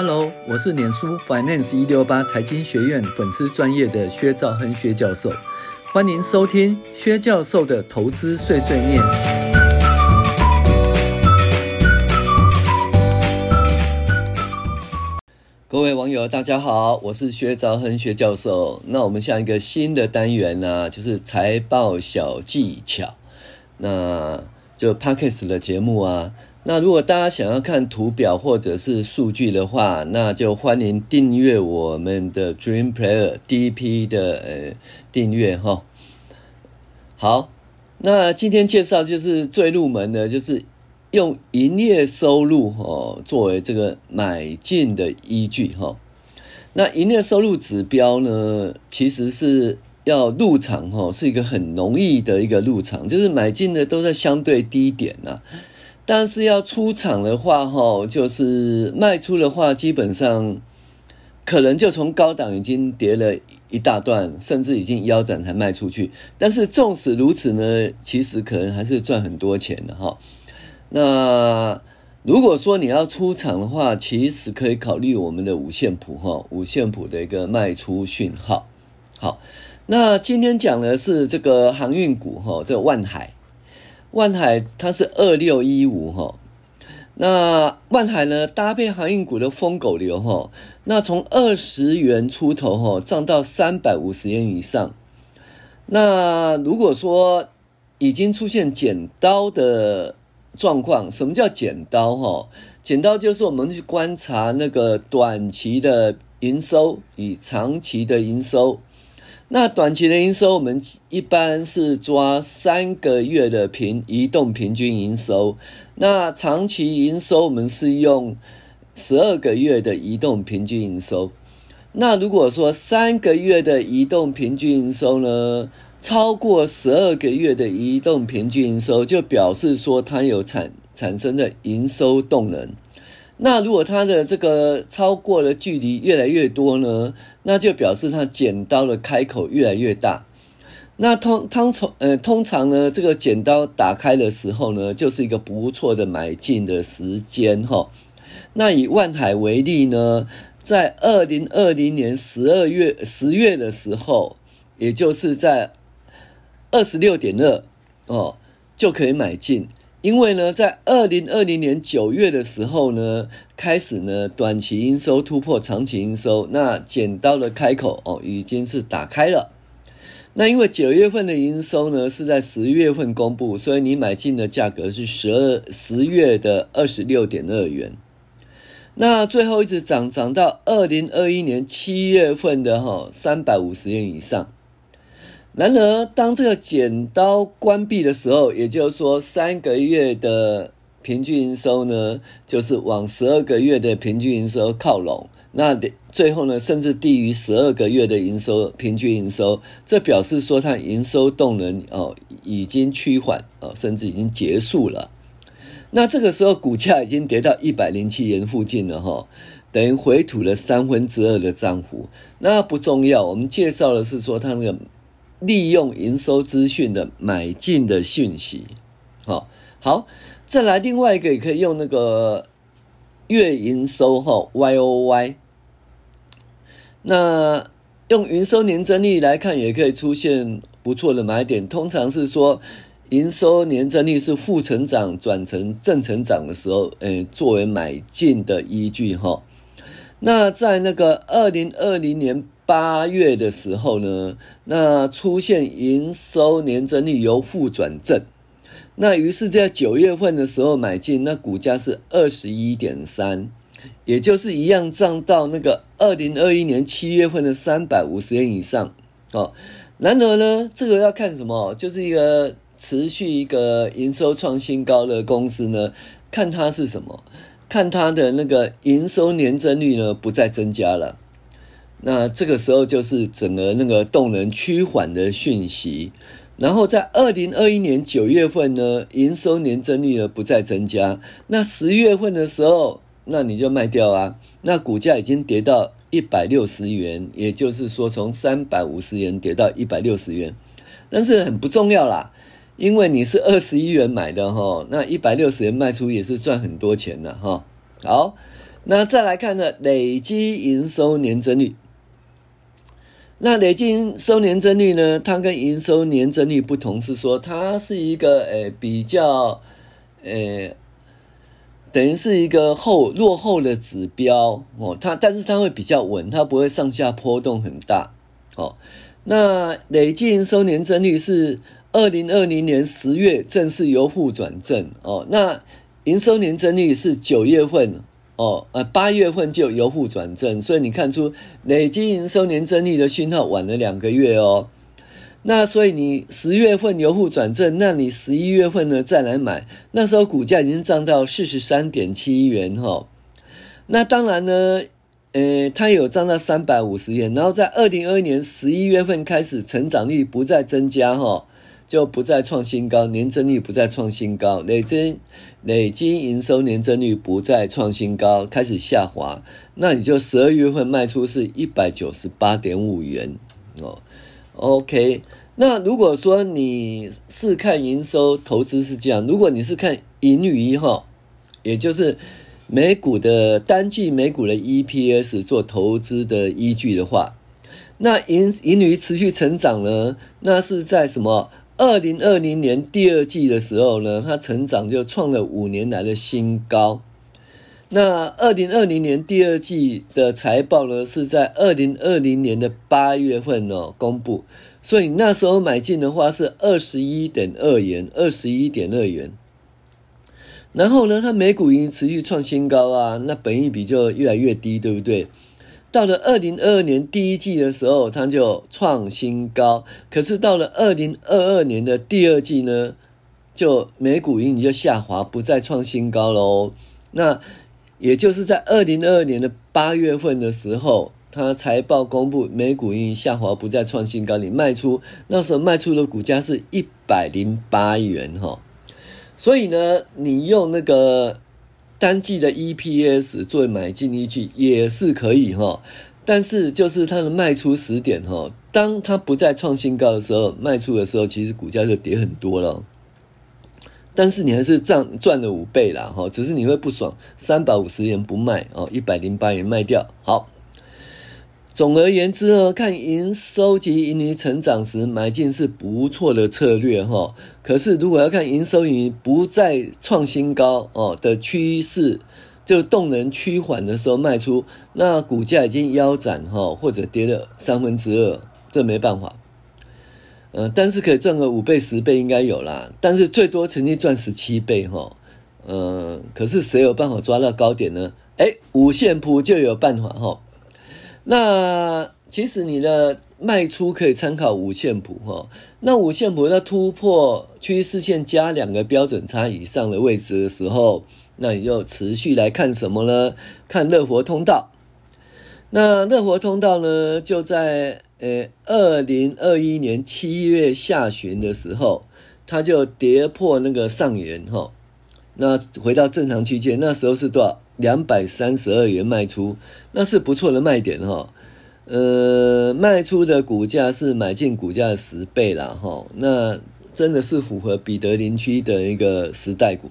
Hello，我是臉書 Finance 一六八財經學院粉絲專頁的薛兆亨薛教授，歡迎收聽薛教授的投資碎碎念。各位網友，大家好，我是薛兆亨薛教授。那我們下一個新的單元呢、啊，就是財報小技巧。那就 Podcast 的節目啊。那如果大家想要看圖表或者是數據的話，那就歡迎訂閱我們的 Dream Player DP 的呃訂閱哈。好，那今天介紹就是最入門的，就是用營業收入哦作為這個買進的依據哈。那營業收入指標呢，其實是要入場，是一個很容易的一個入場，就是買進的都在相對低點啊。但是要出場的話，哈，就是賣出的話，基本上可能就從高檔已經跌了一大段，甚至已經腰斬才賣出去。但是縱使如此呢，其實可能還是賺很多錢的哈。那如果說你要出場的話，其實可以考慮我們的五線譜哈，五線譜的一個賣出訊號。好，那今天講的是這個航運股哈，這個萬海。萬海它是二六一五哈，那萬海呢搭配航運股的瘋狗流哈、哦，那從二十元出頭哈、哦，漲到三百五十元以上。那如果說已經出現剪刀的狀況，什麼叫剪刀哈、哦？剪刀就是我們去觀察那個短期的營收與長期的營收。那短期的營收，我們一般是抓三個月的平移動平均營收。那長期營收，我們是用十二個月的移動平均營收。那如果說三個月的移動平均營收呢，超過十二個月的移動平均營收，就表示說它有產產生的營收動能。那如果它的這個超過的距離越來越多呢，那就表示它剪刀的開口越來越大。那通通常，呃通常呢，這個剪刀打開的時候呢，就是一個不錯的買進的時間哈。那以萬海為例呢，在二零二零年十二月十月的時候，也就是在二十六點二哦，就可以買進。因為呢，在二零二零年九月的時候呢，開始呢，短期營收突破長期營收，那剪刀的開口哦，已經是打開了。那因為九月份的營收呢，是在十月份公布，所以你買進的價格是十二十月的二十六點二元，那最後一直漲漲到二零二一年七月份的哈三百五十元以上。然而，當這個剪刀關閉的時候，也就是說三個月的平均營收呢，就是往十二個月的平均營收靠攏。那最後呢，甚至低於十二個月的營收平均營收，這表示說它營收動能哦，已經趨緩，哦，甚至已經結束了。那這個時候股價已經跌到一百零七元附近了哈，等於回吐了三分之二的漲幅。那不重要，我們介紹的是說它那個。利用營收資訊的買進的訊息，好好，再來另外一個也可以用那個月營收哈、喔、Y O Y，那用營收年增率來看，也可以出現不錯的買點。通常是說營收年增率是負成長轉成正成長的時候，誒、欸，作為買進的依據哈、喔。那在那個二零二零年。八月的時候呢，那出現營收年增率由負轉正，那於是在九月份的時候買進，那股價是二十一點三，也就是一樣漲到那個二零二一年七月份的三百五十元以上。哦，然而呢，這個要看什麼，就是一個持續一個營收創新高的公司呢，看它是什麼，看它的那個營收年增率呢不再增加了。那這個時候就是整個那個動能趨緩的訊息，然後在二零二一年九月份呢，營收年增率呢不再增加。那十月份的時候，那你就賣掉啊。那股價已經跌到一百六十元，也就是說，從三百五十元跌到一百六十元，但是很不重要啦，因為你是二十一元買的哈，那一百六十元賣出也是賺很多錢的哈。好，那再來看呢，累積營收年增率。那累計收年增率呢？它跟營收年增率不同，是說它是一個呃、欸、比較呃、欸、等於是一個後落後的指標哦。它但是它會比較穩，它不會上下波動很大。好、哦，那累計營收年增率是二零二零年十月正式由負轉正哦。那營收年增率是九月份。哦，呃，八月份就由負轉正，所以你看出累積營收年增率的訊號晚了兩個月哦。那所以你十月份由負轉正，那你十一月份呢，再來買，那時候股價已經漲到四十三點七元哈、哦。那當然呢，呃，它有漲到三百五十元，然後在二零二一年十一月份開始成長率不再增加哈、哦。就不再創新高，年增率不再創新高，累積累積營收年增率不再創新高，開始下滑。那你就十二月份賣出是一百九十八點五元哦。OK，那如果說你是看營收投資是這樣，如果你是看盈餘哈，也就是每股的單季每股的 EPS 做投資的依據的話，那盈盈餘持續成長呢？那是在什麼？二零二零年第二季的時候呢，它成長就創了五年來的新高。那二零二零年第二季的財報呢，是在二零二零年的八月份哦公布，所以那時候買進的話是二十一點二元，二十一點二元。然後呢，它每股已經持續創新高啊，那本益比就越來越低，對不對？到了二零二二年第一季的時候，它就創新高。可是到了二零二二年的第二季呢，就每股盈餘就下滑，不再創新高嘍。那也就是在二零二二年的八月份的時候，他財報公布，每股盈餘下滑，不再創新高。你賣出那時候賣出的股價是一百零八元哈，所以呢，你用那個。單季的 EPS 作為買進依據也是可以哈，但是就是它的賣出時點哈，當它不再創新高的時候，賣出的時候，其實股價就跌很多了。但是你還是賺賺了五倍啦，哈，只是你會不爽，三百五十元不賣哦，一百零八元賣掉，好。總而言之呢，看營收及盈利成長時，買進是不錯的策略哈。可是如果要看營收盈餘不再創新高哦的趨勢，就動能趨緩的時候賣出，那股價已經腰斬哈，或者跌了三分之二，這沒辦法。呃，但是可以賺個五倍、十倍應該有啦。但是最多曾經賺十七倍哈。嗯、呃，可是誰有辦法抓到高點呢？欸，五線譜就有辦法哈。那其實你的賣出可以參考五線譜哦，那五線譜要突破趨勢線加兩個標準差以上的位置的時候，那你就持續來看什麼呢？看樂活通道。那樂活通道呢，就在呃二零二一年七月下旬的時候，它就跌破那個上沿哈，那回到正常區間，那時候是多少？兩百三十二元賣出，那是不錯的賣點哈。呃，賣出的股價是買進股價的十倍啦吼，那真的是符合彼得林區的一個十倍股。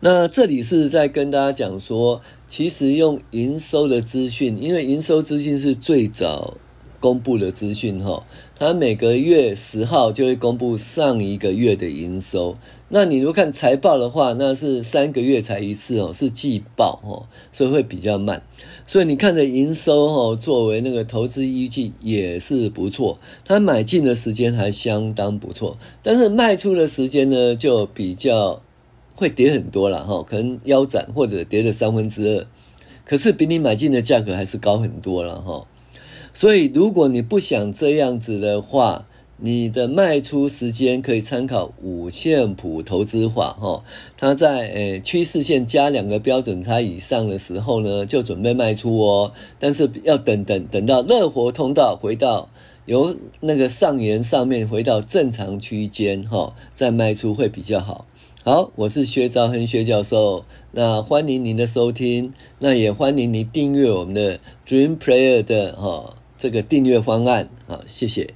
那這裡是在跟大家講說，其實用營收的資訊，因為營收資訊是最早公布的資訊哈，它每個月十號就會公布上一個月的營收。那你如果看財報的話，那是三個月才一次哦，是季報哦，所以會比較慢。所以你看着營收哦，作為那個投資依據也是不錯。它買進的時間還相當不錯，但是賣出的時間呢，就比較會跌很多了哈，可能腰斬或者跌了三分之二，可是比你買進的價格還是高很多了哈。所以如果你不想這樣子的話，你的賣出時間可以參考五線譜投資法，哈、哦，它在誒趨勢線加兩個標準差以上的時候呢，就準備賣出哦。但是要等等等到樂活通道回到由那個上沿上面回到正常區間，哈、哦，再賣出會比較好。好，我是薛兆亨薛教授，那歡迎您的收聽，那也歡迎您訂閱我們的 Dream Player 的哈、哦、這個訂閱方案，好、哦，謝謝。